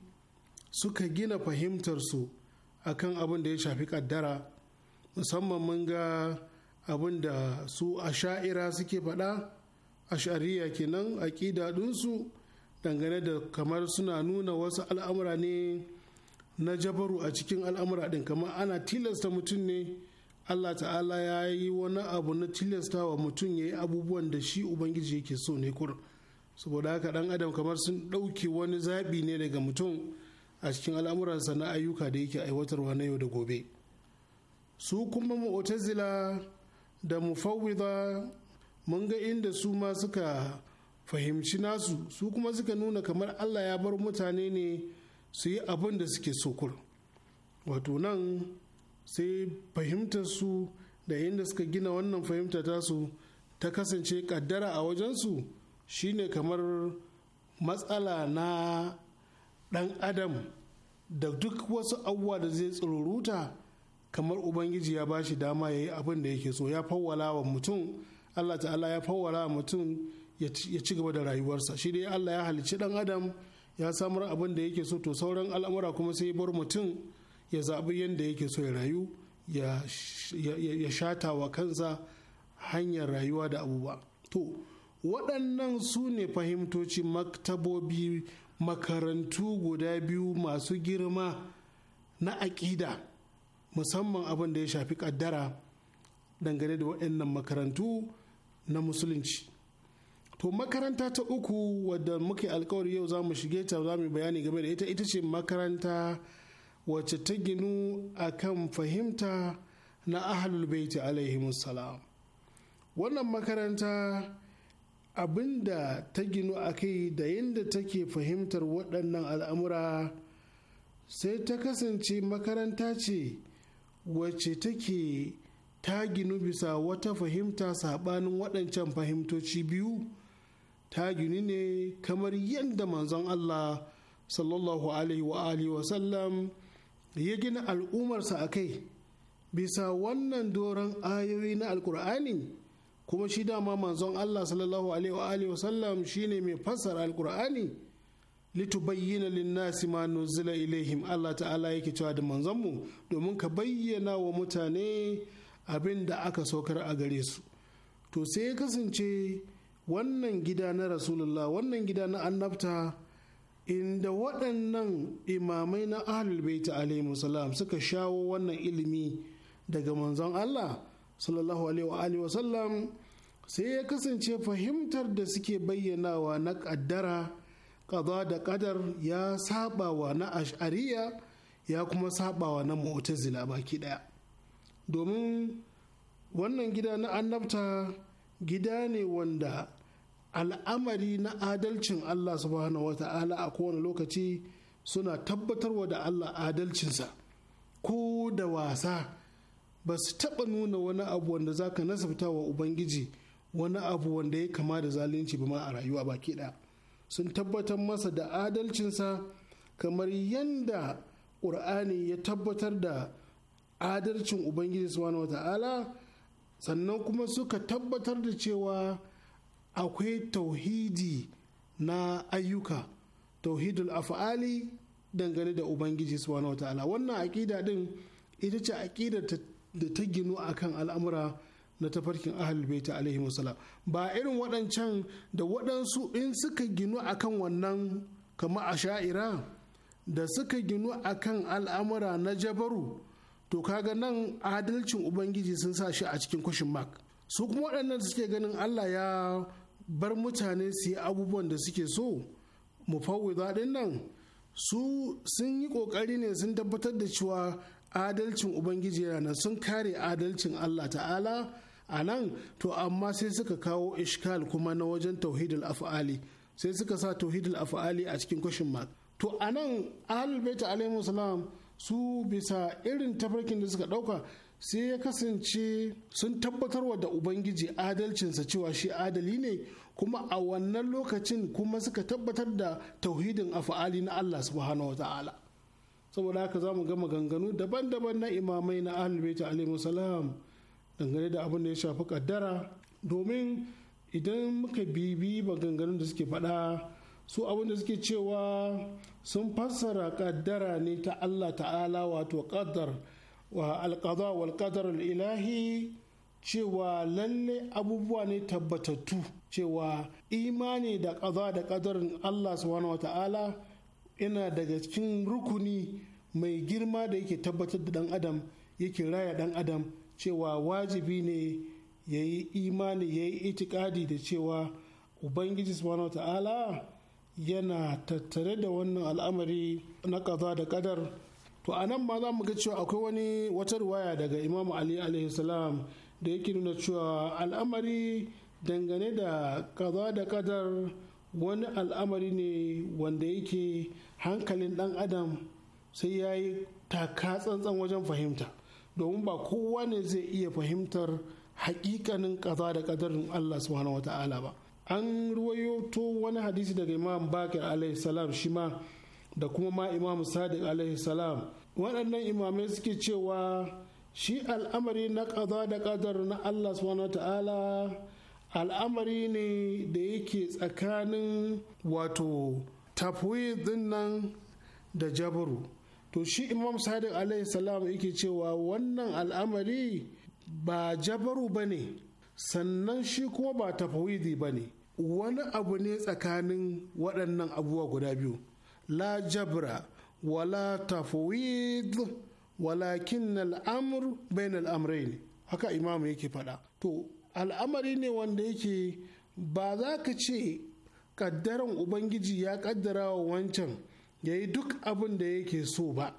suka gina fahimtarsu a kan abin da ya shafi ƙaddara musamman mun ga abin da su a sha'ira suke faɗa a shari'a kenan aƙida ɗinsu dangane da kamar suna nuna wasu al'amura ne na jabaru a cikin al'amura din kamar ana tilasta mutum ne Allah ta'ala ya yi wani abu na tilasta wa mutum ya yi abubuwan da shi ubangiji yake so ne kur saboda haka ɗan adam kamar sun ɗauke wani zaɓi ne daga mutum a cikin al'amuransa na ayyuka da yake aiwatarwa na yau da gobe su kuma mu'tazila da mufawwida mun ga inda su ma suka fahimci nasu su kuma suka nuna kamar Allah ya bar mutane ne su yi abin da suke so wato nan sai fahimtar su da yadda suka gina wannan fahimta tasu ta kasance kaddara a wajensu shine kamar matsala na dan adam da duk wasu abubuwa da zai tsururuta kamar ubangiji ya ba shi dama ya yi abin da yake so ya fawwala wa mutum allah ta'ala ya fawwala wa mutum ya ci gaba da rayuwarsa shi dai allah ya halici dan adam ya samar abin da yake so to sauran al'amura kuma sai bar mutum ya zaɓi yadda yake so ya rayu ya shata wa kansa hanyar rayuwa da abubuwa to waɗannan su ne fahimtoci maktabobi makarantu guda biyu masu girma na aƙida musamman abin da ya shafi ƙaddara dangane da waɗannan makarantu na musulunci To makaranta ta uku wadda muke alkawari yau za mu shige ta za mu bayani game da ita ita ce makaranta wacce ta ginu a kan fahimta na ahalul baiti salam. Wannan makaranta abinda ta ginu a kai da yadda take fahimtar waɗannan al'amura sai ta kasance makaranta ce wacce take ta ginu bisa wata fahimta saɓanin waɗancan fahimtoci biyu. ta gini ne kamar yadda manzon Allah sallallahu alaihi wa alihi wa sallam ya gina al'ummarsa a kai bisa wannan doron ayoyi na alkur'ani kuma shi dama manzon Allah sallallahu alaihi wa alihi wa sallam shine mai fassara alkur'ani litubayyana linnasi ma nuzila ilaihim Allah ta'ala yake cewa da manzon mu domin ka bayyana wa mutane abin da aka saukar a gare su to sai ya kasance wannan gida na rasulullah wannan gida na annabta inda waɗannan imamai na ahlul baiti alaihi salam suka shawo wannan ilimi daga manzon Allah sallallahu alaihi wa sallam sai ya kasance fahimtar da suke bayyanawa na ƙaddara ƙaza da ƙadar ya sabawa na ash'ariya ya kuma sabawa na mu'tazila baki ɗaya domin wannan gida na annabta gida ne wanda al'amari na adalcin Allah subhanahu wata'ala a kowane lokaci suna tabbatarwa da Allah adalcinsa ko da wasa ba su taɓa nuna wani abu wanda za ka nasabta wa Ubangiji wani abu wanda ya kama da zalunci ba ma a rayuwa baki ɗaya sun tabbatar masa da adalcinsa kamar yadda ƙur'ani ya tabbatar da adalcin Ubangiji subhanahu wata'ala sannan kuma suka tabbatar da cewa akwai tauhidi na ayyuka tauhidul af'ali dangane da ubangiji subhanahu wa ta'ala wannan aƙida din ita ce aƙida da ta ginu akan al'amura na tafarkin ahlul baita alaihi wasallam ba irin waɗancan da waɗansu in suka ginu akan wannan kama sha'ira da suka ginu akan al'amura na jabaru to kaga nan adalcin ubangiji sun sa shi a cikin kwashin mark su kuma waɗannan suke ganin allah ya bar mutane su yi abubuwan da suke so mu ɗin nan su sun yi ƙoƙari ne sun tabbatar da cewa adalcin ubangiji yana sun kare adalcin allah ta'ala a nan to amma sai suka kawo ishkal kuma na wajen tauhidul af'ali sai suka sa tauhidul af'ali a cikin kwashin mark to a nan ahlul baita alaihi salam su bisa irin tafarkin da suka ɗauka sai ya kasance sun tabbatarwa da ubangiji adalcinsa cewa shi adali ne kuma a wannan lokacin kuma suka tabbatar da tauhidin afa'ali na Allah subhanahu wa ta'ala saboda haka za mu ga maganganu daban-daban na imamai na ahalibaita alaihi salam dangane da abin da ya shafi kaddara domin idan muka bibi maganganun da suke faɗa su abin da suke cewa sun fassara kaddara ne ta Allah ta'ala wato kaddar wa alkada wal ilahi cewa lalle abubuwa ne tabbatattu cewa imani da kaza da kadarin Allah subhanahu wa ta'ala ina daga cikin rukuni mai girma da yake tabbatar da dan adam yake raya dan adam cewa wajibi ne ya yi imani ya yi itikadi da cewa ubangiji subhanahu wa ta'ala yana tattare da wannan al'amari na kaza da ƙadar to a nan ma za mu ga cewa akwai wani wata ruwaya daga imamu ali salam da yake nuna cewa al'amari dangane da kaza da ƙadar wani al'amari ne wanda yake hankalin ɗan adam sai ya yi taka tsantsan wajen fahimta domin ba kowa ne zai iya fahimtar haƙiƙanin kaza da kadarin allah subhanahu ta'ala ba an ruwayoto wani hadisi daga imam bakir alaihi salam shi ma da kuma ma imam sadiq alaihi salam waɗannan imamai suke cewa shi al'amari na ƙaza da ƙadar na allah subhanahu ta'ala al'amari ne da yake tsakanin wato tafwid din da jabaru to shi imam sadiq alaihi salam yake cewa wannan al'amari ba jabaru ba ne sannan shi kuma ba tafawidi ba ne wani abu ne tsakanin waɗannan abubuwa guda biyu la jabra wala tafawid walakin al'amur bain al'amrai ne haka imamu yake faɗa to al'amari ne wanda yake ba za ka ce kaddaran ubangiji ya ƙaddara wa wancan ya yi duk abin da yake so ba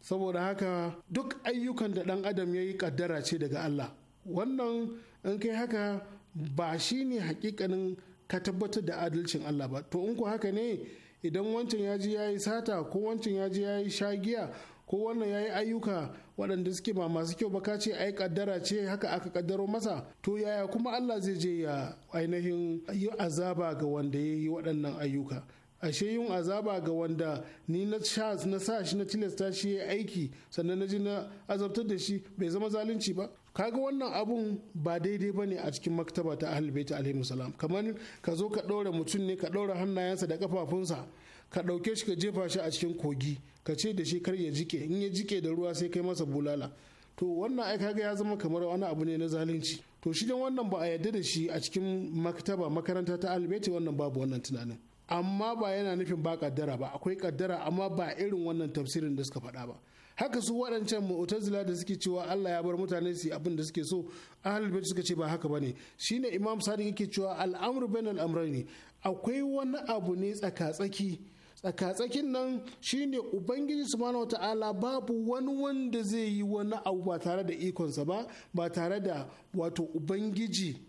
saboda haka duk ayyukan da ɗan adam ya yi ƙaddara ce daga allah wannan in kai haka ba shi ne hakikanin ka tabbatar da adalcin Allah ba to in ku haka ne idan wancan ya ji ya yi sata ko wancan ya ji ya yi shagiya ko wannan ya yi ayyuka waɗanda suke ba masu kyau ba ka ce ai kaddara ce haka aka kaddaro masa to yaya kuma Allah zai je ya ainihin yi azaba ga wanda ya yi waɗannan ayyuka ashe yin azaba ga wanda ni na na sa shi na tilasta shi ya aiki sannan na ji na azabtar da shi bai zama zalunci ba kaga wannan abun ba daidai ba ne a cikin maktaba ta ahalibaita salam kamar ka zo ka ɗaura mutum ne ka ɗaura hannayensa da kafafunsa ka ɗauke shi ka jefa shi a cikin kogi ka ce da shi kar ya jike in ya jike da ruwa sai kai masa bulala to wannan ai kaga ya zama kamar wani abu ne na zalunci to shi dan wannan ba a yarda da shi a cikin maktaba makaranta ta albaiti wannan babu wannan tunanin amma ba yana nufin ba kaddara ba akwai kaddara amma ba irin wannan tafsirin da suka faɗa ba haka su waɗancan mu'tazila da suke cewa Allah ya bar mutane su abin da suke so ahlul bait suka ce ba haka bane shine imam sadiq yake cewa al'amru bainal amrayni akwai wani abu ne tsaka-tsaki tsaka-tsakin nan shine ubangiji subhanahu wata'ala babu wani wanda zai yi wani abu ba tare da ikonsa ba ba tare da wato ubangiji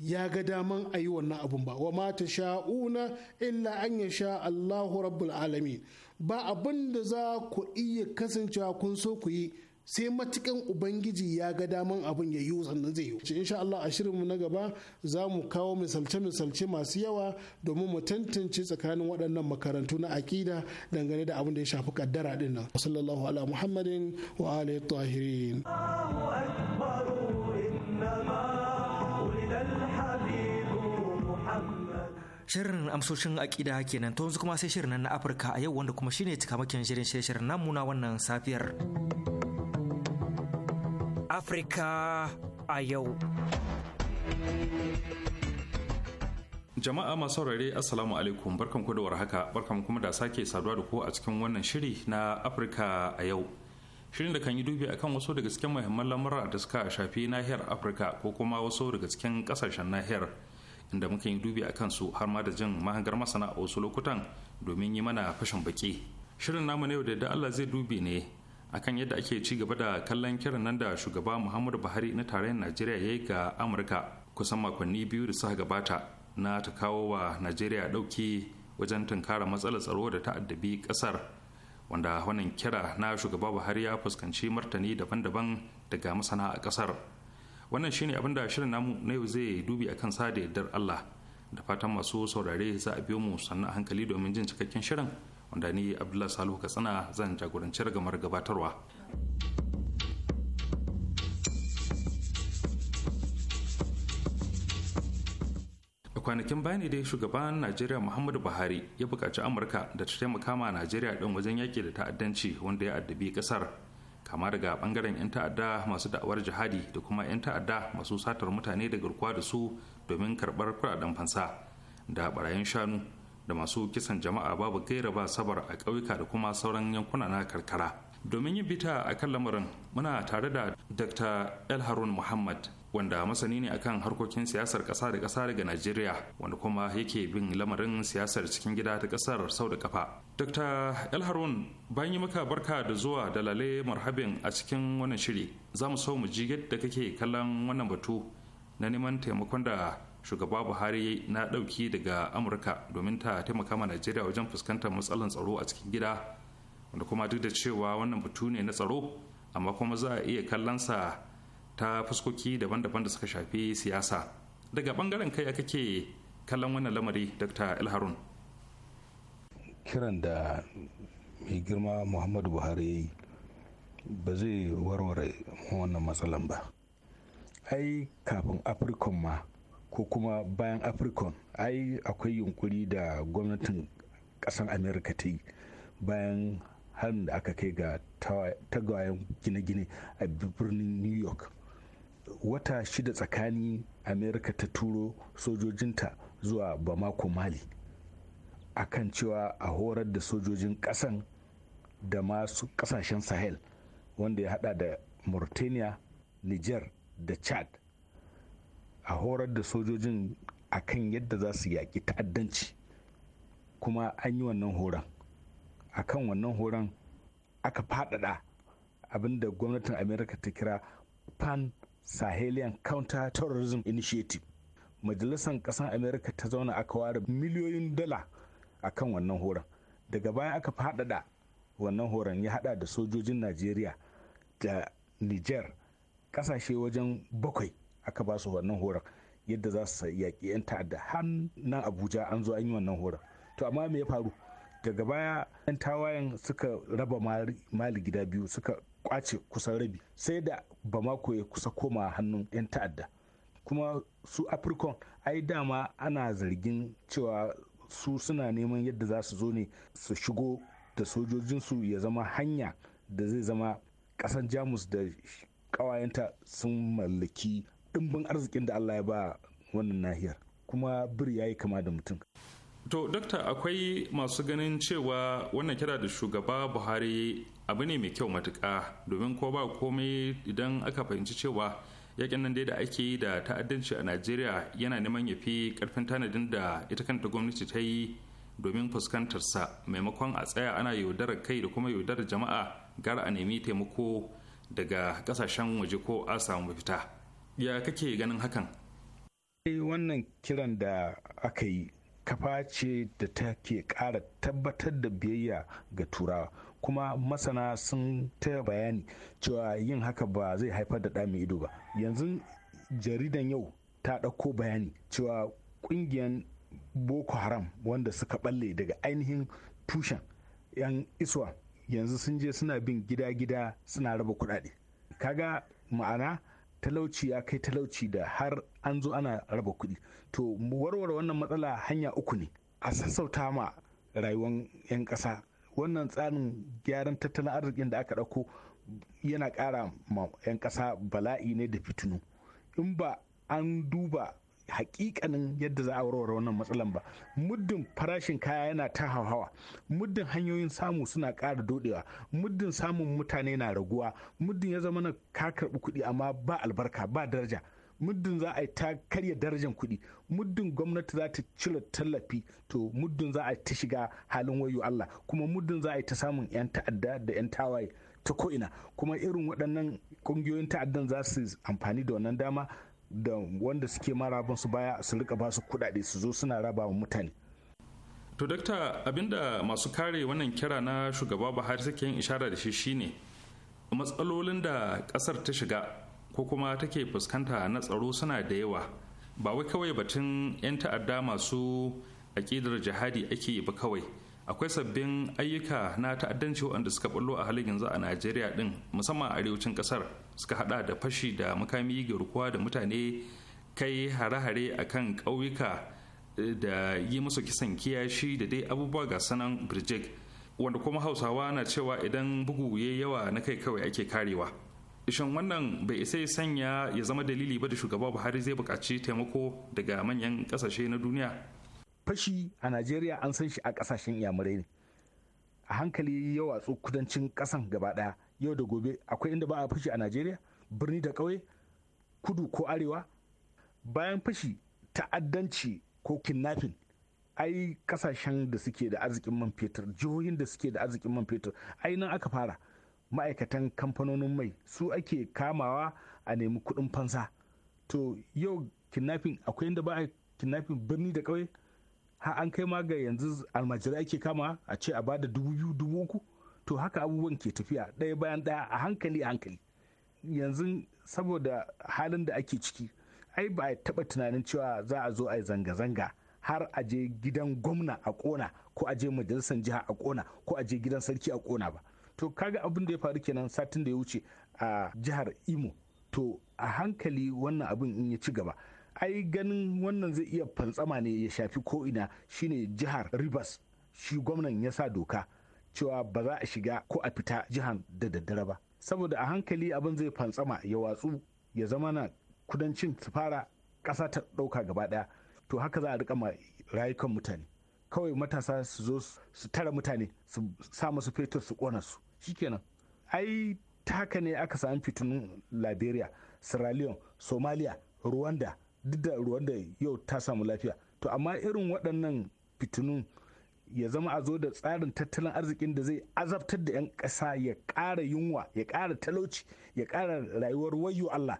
ya ga daman a yi wannan abun ba wa mata sha'una illa an ya sha Allahu rabbul alamin ba abin da za ku iya kasancewa kun so ku yi sai matukan ubangiji ya ga daman abin ya yi sannan zai yi insha Allah a shirinmu na gaba za mu kawo misalce-misalce masu yawa domin mu tantance tsakanin waɗannan makarantu na aƙida dangane da abin da ya shafi kaddara din nan sallallahu ala muhammadin wa alihi tahirin shirin amsoshin aƙida kenan to yanzu kuma sai shirin na afirka a yau wanda kuma shine cikamakin shirin shirin nan na wannan safiyar afirka a yau jama'a masu saurare assalamu alaikum barkan ku da warhaka barkan kuma da sake saduwa da ku a cikin wannan shiri na afirka a yau shirin da kan yi dubi akan wasu daga cikin muhimman lamura da suka shafi nahiyar afirka ko kuma wasu daga cikin kasashen nahiyar inda muka yi dubi a kansu har ma da jin mahangar masana a wasu lokutan domin yi mana fashin baki shirin namu ne yau da da Allah zai dubi ne akan yadda ake ci gaba da kallon kiran nan da shugaba Muhammadu Buhari na tarayyar Najeriya yi ga Amurka kusan makonni biyu da suka gabata na ta kawo wa Najeriya dauki wajen tunkara matsalar tsaro da ta'addabi kasar wanda wannan kira na shugaba Buhari ya fuskanci martani daban-daban daga masana a kasar. wannan shine abin da shirin namu na yau zai dubi akan sa da yardar Allah da fatan masu saurare za a biyo mu sannan hankali domin jin cikakken shirin wanda ni Abdullahi Salihu Katsina zan jagoranci ragamar gabatarwa a kwanakin baya ne dai shugaban najeriya muhammadu buhari ya buƙaci amurka da ta taimaka ma najeriya ɗin wajen yaƙi da ta'addanci wanda ya addabi ƙasar kama daga bangaren 'yan ta'adda masu da'awar jihadi da kuma 'yan ta'adda masu satar mutane da garkuwa da su domin karɓar kuɗaɗen fansa da barayin shanu da masu kisan jama'a babu gaira ba sabar a ƙauyuka da kuma sauran yankuna na karkara domin yin bita a kan lamarin muna tare da dr el harun muhammad wanda masani ne akan harkokin siyasar kasa da kasa daga Najeriya wanda kuma yake bin lamarin siyasar cikin gida ta kasar sau da kafa. Dr. El Harun bayan yi maka barka da zuwa da lale marhabin a cikin wannan shiri za mu so mu ji yadda kake kallon wannan batu na neman taimakon da shugaba Buhari na dauki daga Amurka domin ta taimaka ma Najeriya wajen fuskantar matsalar tsaro a cikin gida wanda kuma duk da cewa wannan batu ne na tsaro amma kuma za a iya kallon sa ta fuskoki daban-daban da suka shafi siyasa daga bangaren kai kake kallon wannan lamari dr ilharun kiran da mai girma muhammadu buhari yi ba zai warware wannan matsalan ba ai kafin afirkan ma ko kuma bayan afirkan ai akwai yunkuri da gwamnatin kasan amerika ta yi bayan harin da aka kai ga tagwayen gine-gine a birnin new york wata shida tsakani amerika ta turo sojojinta zuwa bamako mali a kan cewa a horar da sojojin kasan da masu kasashen sahel wanda ya hada da mauritania niger da chad a horar da sojojin akan yadda za su yaƙi ta'addanci kuma an yi wannan horon a kan wannan horon aka faɗaɗa abinda gwamnatin america ta kira pan sahelian counter terrorism initiative majalisar ƙasar america ta zauna aka ware miliyoyin dala a kan wannan horon daga baya aka faɗaɗa wannan horon ya haɗa da sojojin najeriya da niger ƙasashe wajen bakwai aka ba su wannan horon yadda za su yaƙi 'yan ta'adda har nan abuja an zo an yi wannan horon to amma me ya faru daga baya 'yan tawayen suka raba mali gida biyu suka kwace kusan rabi sai da bamako ya kusa koma hannun 'yan ta'adda kuma su afirkon ai dama ana zargin cewa su suna neman yadda za su zo ne su shigo da sojojinsu ya zama hanya da zai zama kasan jamus da kawayenta sun mallaki ɗimbin arzikin da allah ya ba wannan nahiyar kuma bir ya yi kama da mutum to dokta akwai masu ganin cewa wannan kira da shugaba buhari abu ne mai kyau matuƙa domin ko ba komai idan aka fahimci cewa yakin nan dai da ake yi da ta'addanci a najeriya yana neman ya fi karfin tanadin da ita kanta gwamnati ta yi domin fuskantarsa maimakon a tsaya ana yaudarar kai da kuma yaudarar jama'a gara a nemi taimako daga kasashen waje ko a samu mafita ya kake ganin hakan wannan kiran da aka yi kafa ce da take ƙara tabbatar da biyayya ga turawa kuma masana sun ta bayani cewa yin haka ba zai haifar da ɗa ido ba yanzu jaridan yau ta ɗauko bayani cewa ƙungiyar boko haram wanda suka balle daga ainihin tushen 'yan iswa yanzu sun je suna bin gida-gida suna raba kuɗaɗe kaga ma'ana talauci ya kai talauci da har an zo ana raba kuɗi to warware wannan matsala hanya uku ne a sassauta ma rayuwar 'yan ƙasa wannan tsarin gyaran tattalin arzikin da aka ɗauko yana ƙara ma 'yan ƙasa bala'i ne da fitinu in ba an duba hakikanin yadda za a warware wannan matsalan ba muddin farashin kaya yana ta hauhawa muddin hanyoyin samu suna ƙara dodewa muddin samun mutane na raguwa muddin ya zama na ka karɓi kuɗi amma ba albarka ba daraja muddin za a yi ta karya darajar kuɗi muddin gwamnati za ta cire tallafi to muddin za a yi ta shiga halin wayo Allah kuma muddin za a yi ta samun 'yan ta'adda da 'yan tawaye ta ko'ina kuma irin waɗannan ƙungiyoyin ta'addan za su amfani da wannan dama da wanda suke marabin su baya su rika ba su kuɗaɗe su zo suna raba wa mutane to dakta abinda masu kare wannan kira na shugaba buhari suke yin ishara da shi shine matsalolin da ƙasar ta shiga ko kuma take fuskanta na tsaro suna da yawa ba wai kawai batun 'yan ta'adda masu aƙidar jihadi ake ba kawai akwai sabbin ayyuka na ta'addanci waɗanda suka bullo a halin yanzu a najeriya ɗin musamman a arewacin ƙasar suka haɗa da fashi da makami garkuwa da mutane kai hare-hare a kan ƙauyuka eh, da yi musu kisan kiyashi da dai abubuwa ga sanan birjik wanda kuma hausawa na cewa idan bugu ya yawa na kai kawai ake karewa Ishan wannan bai isa sanya ya zama dalili ba da shugaba buhari zai bukaci taimako daga manyan ƙasashe na duniya fashi a najeriya an san shi a kasashen iyamurai ne a hankali yau a kudancin ƙasan gaba ɗaya yau da gobe akwai inda ba a fashi a najeriya birni da ƙauye kudu ko arewa bayan fashi ta'addanci ko kidnapping ai kasashen da suke da arzikin man fetur jihohin da suke da arzikin man fetur ai nan aka fara ma'aikatan kamfanonin mai su ake kamawa a nemi kudin fansa to yau kidnapping akwai inda ba a kidnapping birni da kauye? har an kai ma ga yanzu almajirai ake kama a ce a bada dubu biyu dubu uku to haka abubuwan ke tafiya ɗaya bayan ɗaya a hankali a hankali yanzu saboda halin da ake ciki ai ba a taɓa tunanin cewa za a zo a yi zanga-zanga har a je gidan gwamna a ƙona ko a je majalisar jiha a kona ko a je gidan sarki a kona ba to kaga abin da ya faru kenan satin da ya wuce a jihar imo to a hankali wannan abin in ya ci gaba ai ganin wannan zai iya fantsama ne ya shafi ko'ina shine jihar rivers shi gwamnan ya sa doka cewa ba za a shiga ko a fita jihan da daddare ba saboda a hankali abin zai fantsama ya watsu ya zama na kudancin su fara ƙasa ta ɗauka gaba ɗaya to haka za a rika ma rayukan mutane kawai matasa su zo su tara mutane su sa musu fetur su kona su shikenan ai ta haka ne aka sami fitinin liberia sierra leone somalia rwanda duk da rwanda yau ta samu lafiya to amma irin waɗannan fitinun ya zama a zo da tsarin tattalin arzikin da zai azabtar da 'yan ƙasa ya ƙara yunwa ya ƙara talauci ya ƙara rayuwar wayo allah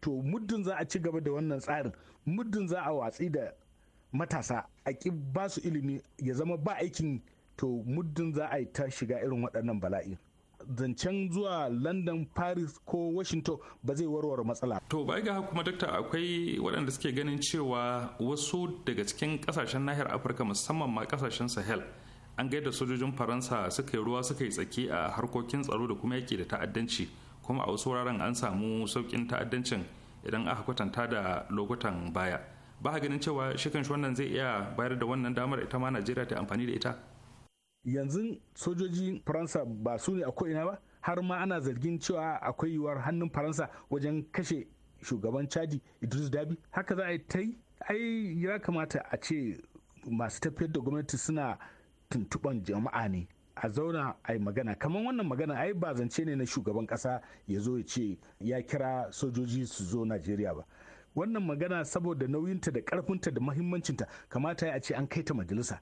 to muddin za a ci gaba da wannan tsarin muddin za a watsi da matasa a ƙi ba su ilimi ya zama ba aikin to muddin za a yi ta shiga irin waɗannan bala'i zancen zuwa london paris ko washington ba zai warware matsala to bai ga kuma dokta akwai waɗanda suke ganin cewa wasu daga cikin ƙasashen nahiyar afirka musamman ma ƙasashen sahel an gaida sojojin faransa suka yi ruwa suka yi tsaki a harkokin tsaro da kuma yake da ta'addanci kuma a wasu wuraren an samu sauƙin ta'addancin idan aka kwatanta da lokutan baya ba ganin cewa shi kan wannan zai iya bayar da wannan damar ita ma najeriya ta amfani da ita yanzu sojojin faransa ba su ne a ko'ina ba har ma ana zargin cewa akwai yiwuwar hannun faransa wajen kashe shugaban caji idris dabi haka za a yi ta yi ai ya kamata a ce masu tafiyar da gwamnati suna tuntuɓan jama'a ne a zauna a yi magana kamar wannan magana ai ba zance ne na shugaban kasa ya zo ya ce ya kira sojoji su zo najeriya ba wannan magana saboda nauyinta da karfinta da mahimmancinta kamata ya ce an kai ta majalisa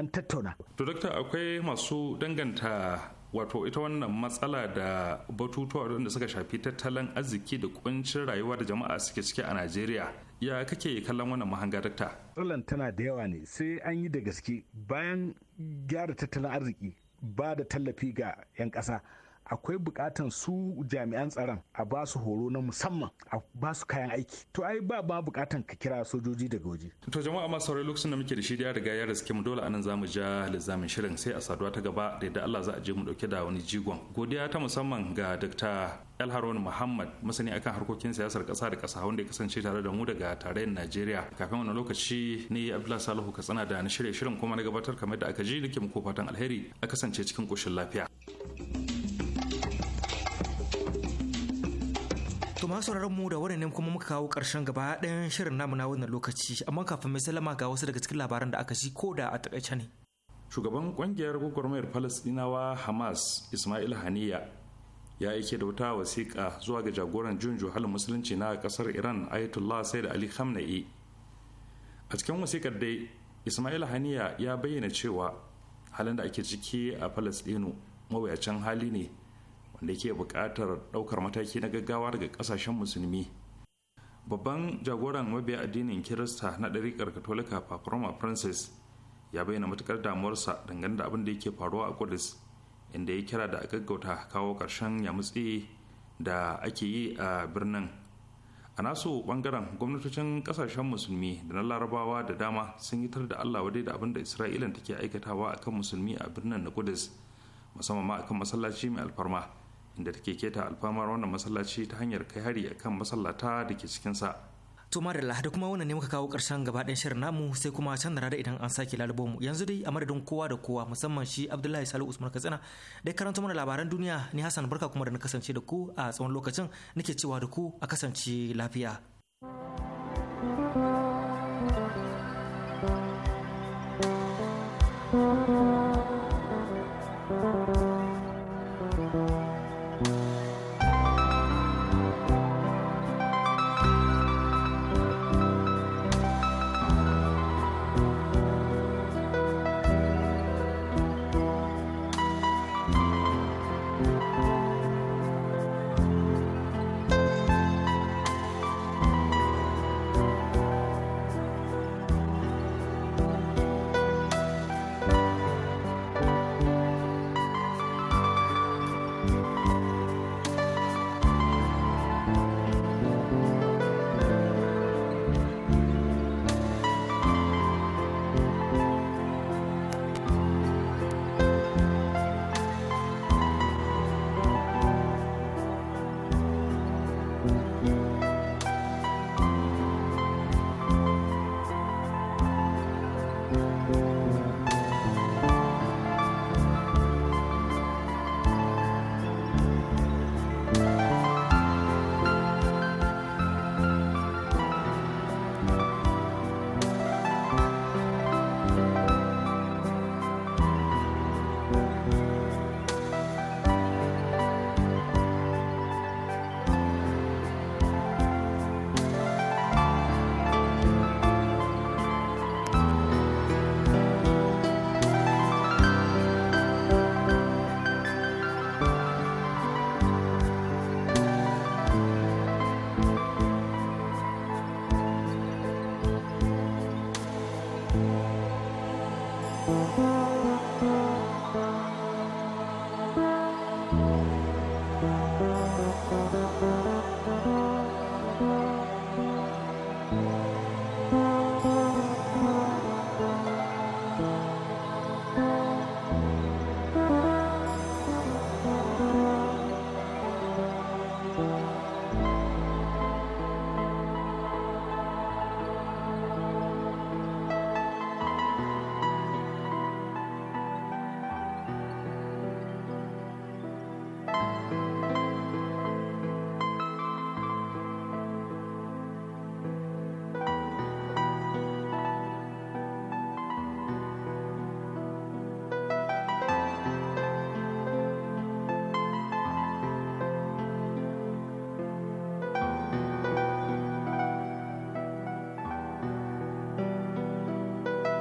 an tattauna. To dokta akwai masu danganta wato ita wannan matsala da batutuwa waɗanda suka shafi tattalin arziki da kuncin rayuwa da jama'a suke ciki a Najeriya. Ya kake kallon wannan mahanga dokta? Matsalan tana da yawa ne sai an yi da gaske bayan gyara tattalin arziki ba da tallafi ga 'yan ƙasa. akwai bukatan su jami'an tsaron a ba su horo na musamman a ba su kayan aiki to ai ba ba bukatan ka kira sojoji daga waje to jama'a masu saurayi lokacin da muke da shi da riga ya riske mu dole anan zamu ja lizamin shirin sai a saduwa ta gaba da yadda Allah za a je mu dauke da wani jigon godiya ta musamman ga Dr. El Harun Muhammad masani akan harkokin siyasar kasa da kasa wanda ya kasance tare da mu daga tarayyar Najeriya kafin wannan lokaci ne Abdullahi Salihu Katsina da na shirye shirin kuma na gabatar kamar da aka ji nake muku fatan alheri a kasance cikin koshin lafiya. To sauraron mu da wani ne kuma muka kawo ƙarshen gaba ɗayan shirin namu na wannan lokaci amma kafin mai salama ga wasu daga cikin labaran da aka ci ko da a takaice ne. Shugaban ƙungiyar gwagwarmayar Falasɗinawa Hamas Ismail Haniya ya aike da wata wasiƙa zuwa ga jagoran jin juhalin musulunci na ƙasar Iran Ayatollah Said Ali Khamenei. A cikin wasiƙar dai Ismail Haniya ya bayyana cewa halin da ake ciki a Falasɗinu mawuyacin hali ne wanda ke buƙatar ɗaukar mataki na gaggawa daga ƙasashen musulmi babban jagoran mabiya addinin kirista na ɗariƙar katolika papa francis ya bayyana matukar damuwarsa dangane da abin da yake faruwa a kudus inda ya kira da a gaggauta kawo ƙarshen yamutse da ake yi a birnin a nasu bangaren gwamnatocin ƙasashen musulmi da na larabawa da dama sun yi tar da allah wadai da abin da isra'ila take aikatawa akan musulmi a birnin na kudus musamman ma akan masallaci mai alfarma inda take keta alfamar wannan masallaci ta hanyar kai hari akan masallata da ke cikinsa. To Marilla da kuma wannan ne muka kawo ƙarshen gaba ɗayan shirin namu sai kuma can da idan an sake lalubo mu yanzu dai a madadin kowa da kowa musamman shi Abdullahi Salu Usman Katsina da karanta mana labaran duniya ni Hassan Barka kuma da na kasance da ku a tsawon lokacin nake cewa da ku a kasance lafiya.